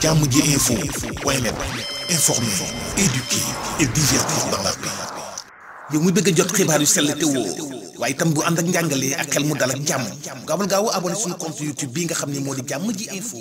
jàmm ji info point net informer, éduquer et divertir dans bëgg a jot xibaar yu sell te woo waaye itam bu ànd ak njàngalee ak xel mu dal ak jàmm gaawal gaaw abonné suñu compte YouTube bii nga xam ne moo di jàmm ji info.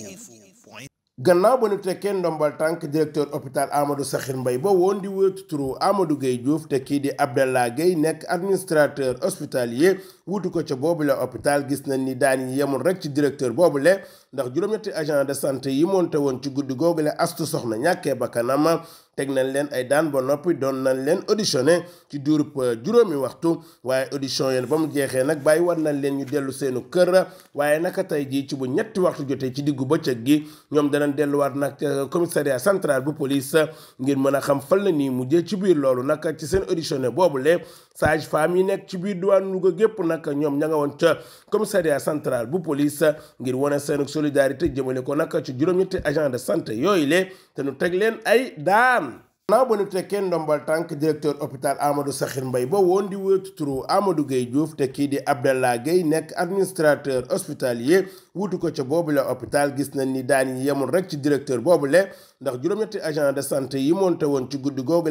gannaaw ba nu tekkee ndombal tànk directeur hopital Amadou Sakhir mbay ba woon di wéetu turu Amadou Gueye Diouf te kii di Abdallah Gueye nekk administrateur hospitalier. wuutu ko ca boobu la hôpital gis nañ ni daan yi yemul rek ci directeur boobu le ndax juróom-ñetti agent de santé yi monte woon ci guddi googu la astu soxna ñàkkee bakkanam teg nañ leen ay daan ba noppi doon nañ leen auditionné ci diirub euh, juróomi waxtu waaye audition yéen ba mu jeexee nag bàyyi war nañ leen ñu dellu seenu kër waaye naka tey jii ci bu ñetti waxtu jotee ci diggu bëccëg gi ñoom danañ delluwaat nag euh, commissariat central bu police ngir mën a xam fan la nii mujjee ci biir loolu nag ci seen auditionné boobu le sage nag ñoom ña nga woon ca commissariat central bu police ngir wane seen solidarité jëmale ko nag ci juróom-ñetti agent de santé yooyu le te nu teg leen ay daan naaw ba nu tekkee ndombal tànk directeur hopital Amadou Sakhir mbay ba woon di wéetu turu Amadou Gueye te kii di Abdallah Gueye nekk administrateur hospitalier wutu ko ca boobu la hopital gis nañ ni daan yi yemul rek ci directeur boobu le ndax juróom-ñetti agent de santé yi moonte woon ci guddi googu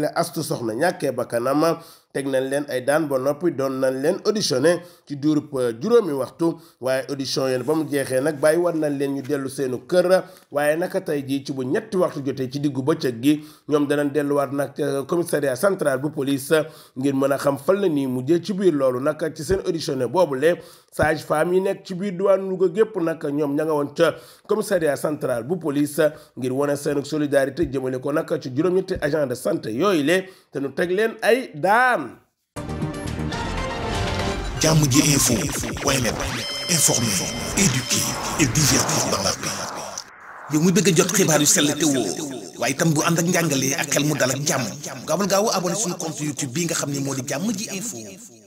teg nañ leen ay daan ba noppi doon nañ leen auditionné ci diirub euh, juróomi waxtu waaye audition yéen ba mu jeexee nag bàyyi war nañ leen ñu dellu seenu kër waaye naka tey jii ci bu ñetti waxtu jotee ci diggu bëccëg gi ñoom danañ delluwaat nag euh, commissariat central bu police ngir mën a xam fan la nii mujjee ci biir loolu nag ci seen auditionné boobule sage femme yi nekk ci biir diwaan Louga gépp nag ñoom ña nga woon ca commissariat central bu police ngir wane seen solidarité jëmale ko nag ci juróom-ñetti agent de santé yooyu le te nu teg leen ay daan jàmm ji info point net informer, éduquer et divertir dans la paix. yow a jot xibaar bu ànd ak njàngalee ak xel mu dal ak jàmm gaawal gaaw abonné suñu compte YouTube bii nga xam ne moo di jàmm ji info.